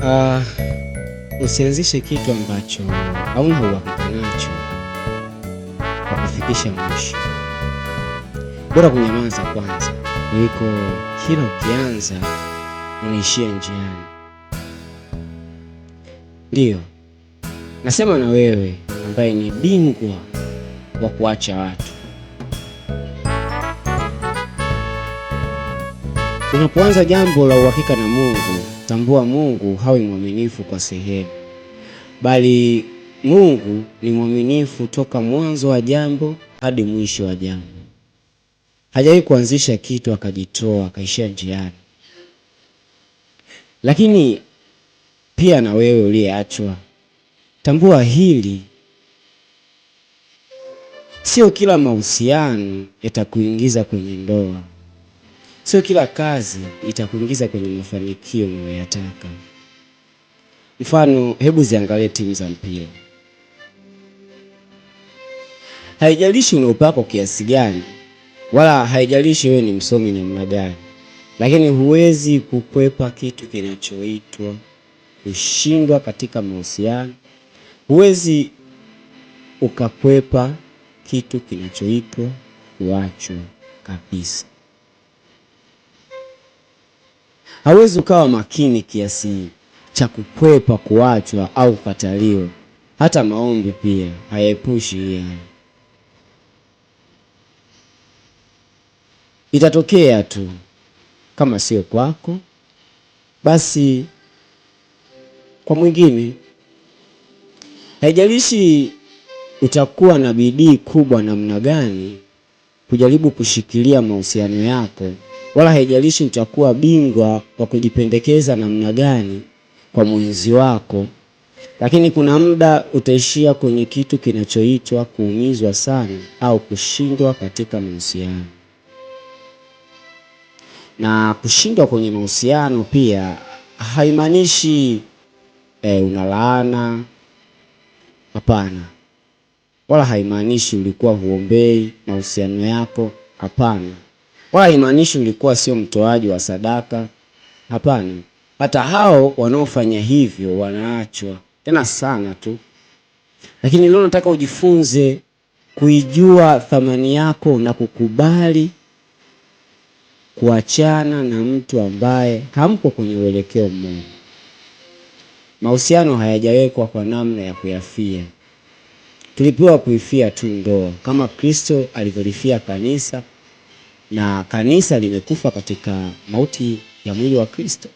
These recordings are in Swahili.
Uh, usianzishe kitu ambacho hauna uhakika nacho kwa kufikisha mwisho. Bora kunyamaza kwanza kuliko kila ukianza unaishia njiani. Ndiyo nasema na wewe ambaye ni bingwa wa kuacha watu. Unapoanza jambo la uhakika na Mungu kumtambua Mungu hawi mwaminifu kwa sehemu, bali Mungu ni mwaminifu toka mwanzo wa jambo hadi mwisho wa jambo. Hajawahi kuanzisha kitu akajitoa akaishia njiani. Lakini pia na wewe uliyeachwa, tambua hili, sio kila mahusiano yatakuingiza kwenye ndoa. Sio kila kazi itakuingiza kwenye mafanikio unayoyataka. Mfano, hebu ziangalie timu za mpira. Haijalishi una upako kiasi gani, wala haijalishi wewe ni msomi namna gani, lakini huwezi kukwepa kitu kinachoitwa kushindwa katika mahusiano. Huwezi ukakwepa kitu kinachoitwa kuachwa kabisa. Hawezi ukawa makini kiasi cha kukwepa kuachwa au kukataliwa. Hata maombi pia hayaepushi hii Itatokea tu, kama sio kwako, basi kwa mwingine. Haijalishi utakuwa na bidii kubwa namna gani kujaribu kushikilia mahusiano yako wala haijalishi nitakuwa bingwa kwa kujipendekeza namna gani kwa mwenzi wako, lakini kuna muda utaishia kwenye kitu kinachoitwa kuumizwa sana au kushindwa katika mahusiano. Na kushindwa kwenye mahusiano pia haimaanishi e, unalaana. Hapana, wala haimaanishi ulikuwa huombei mahusiano yako. Hapana. Wala haimaanishi ulikuwa sio mtoaji wa sadaka. Hapana, hata hao wanaofanya hivyo wanaachwa tena sana tu. Lakini leo nataka ujifunze kuijua thamani yako na kukubali kuachana na mtu ambaye hamko kwenye uelekeo mmoja. Mahusiano hayajawekwa kwa namna ya kuyafia. Tulipewa kuifia tu ndoa kama Kristo alivyolifia kanisa na kanisa limekufa katika mauti ya mwili wa Kristo.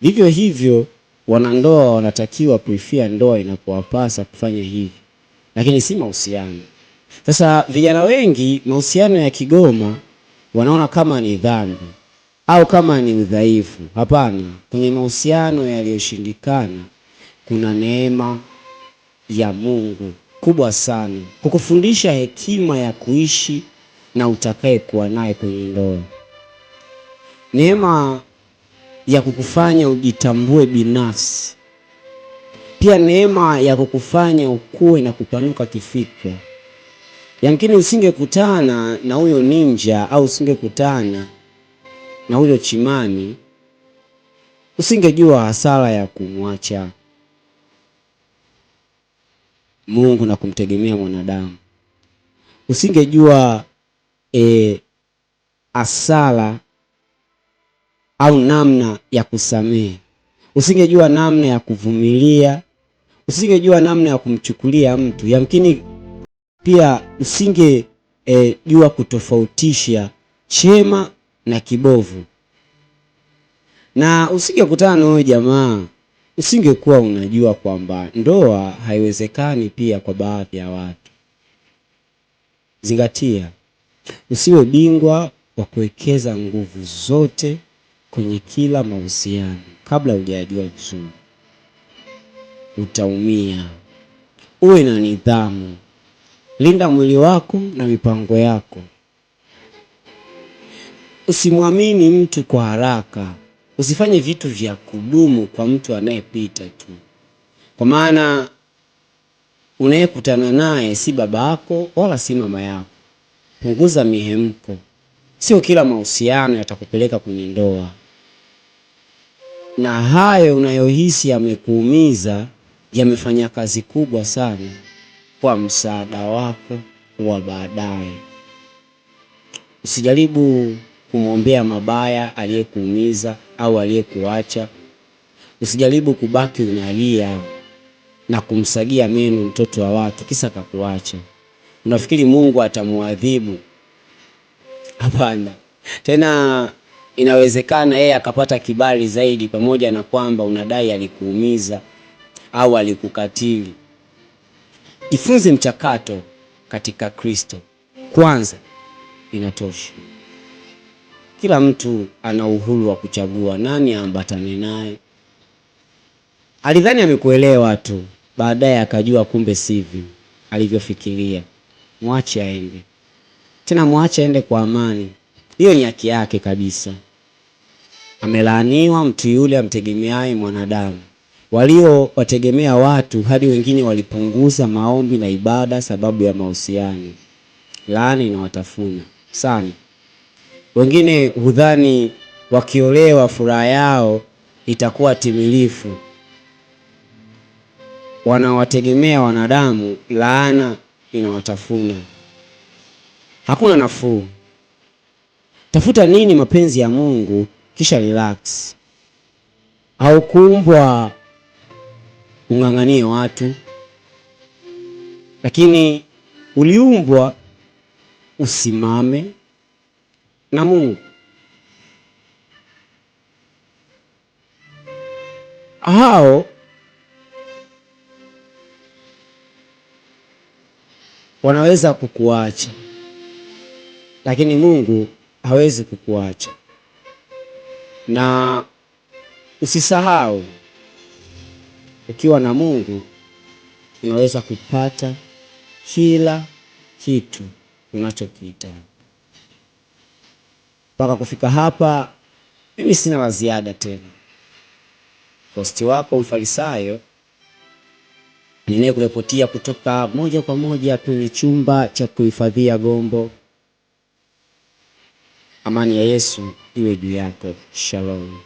Vivyo hivyo, wanandoa wanatakiwa kuifia ndoa inapowapasa kufanya hivi, lakini si mahusiano. Sasa vijana wengi mahusiano ya kigoma wanaona kama ni dhambi au kama ni udhaifu. Hapana, kwenye mahusiano yaliyoshindikana kuna neema ya Mungu kubwa sana kukufundisha hekima ya kuishi na utakayekuwa naye kwenye ndoa. Neema ya kukufanya ujitambue binafsi, pia neema ya kukufanya ukue na kupanuka kifikra. Yamkini usingekutana na huyo ninja au usingekutana na huyo chimani, usingejua hasara ya kumwacha Mungu na kumtegemea mwanadamu, usingejua e, asala au namna ya kusamehe. Usingejua namna ya kuvumilia, usingejua namna ya kumchukulia mtu, yamkini pia usinge e, jua kutofautisha chema na kibovu, na usingekutana na huyo jamaa usingekuwa unajua kwamba ndoa haiwezekani pia kwa baadhi ya watu. Zingatia. Nisiwe bingwa wa kuwekeza nguvu zote kwenye kila mahusiano. Kabla hujajua vizuri, utaumia. Uwe na nidhamu, linda mwili wako na mipango yako. Usimwamini mtu kwa haraka. Usifanye vitu vya kudumu kwa mtu anayepita tu, kwa maana unayekutana naye si baba yako wala si mama yako punguza mihemko. Sio kila mahusiano yatakupeleka kwenye ndoa, na hayo unayohisi yamekuumiza yamefanya kazi kubwa sana kwa msaada wako wa baadaye. Usijaribu kumwombea mabaya aliyekuumiza au aliyekuacha. Usijaribu kubaki unalia na kumsagia meno mtoto wa watu kisa kakuacha unafikiri Mungu atamwadhibu? Hapana. Tena inawezekana yeye akapata kibali zaidi, pamoja na kwamba unadai alikuumiza au alikukatili. Jifunze mchakato katika Kristo kwanza, inatosha. Kila mtu ana uhuru wa kuchagua nani aambatane naye. Alidhani amekuelewa tu, baadaye akajua kumbe sivyo alivyofikiria mwache aende, tena mwache aende kwa amani. Hiyo ni haki yake kabisa. Amelaaniwa mtu yule amtegemeaye mwanadamu. Waliowategemea watu hadi wengine walipunguza maombi na ibada sababu ya mahusiano. Laani inawatafuna sana. Wengine hudhani wakiolewa furaha yao itakuwa timilifu, wanawategemea wanadamu. Laana inawatafuna. Hakuna nafuu. Tafuta nini mapenzi ya Mungu kisha relax. Haukuumbwa ung'ang'anie watu, lakini uliumbwa usimame na Mungu. Hao Wanaweza kukuacha, lakini Mungu hawezi kukuacha. Na usisahau, ukiwa na Mungu unaweza kupata kila kitu unachokihitaji. Mpaka kufika hapa, mimi sina la ziada tena. Hosti wako Mfarisayo Ninaye kurepotia kutoka moja kwa moja kwenye chumba cha kuhifadhia gombo. Amani ya Yesu iwe juu yako. Shalom.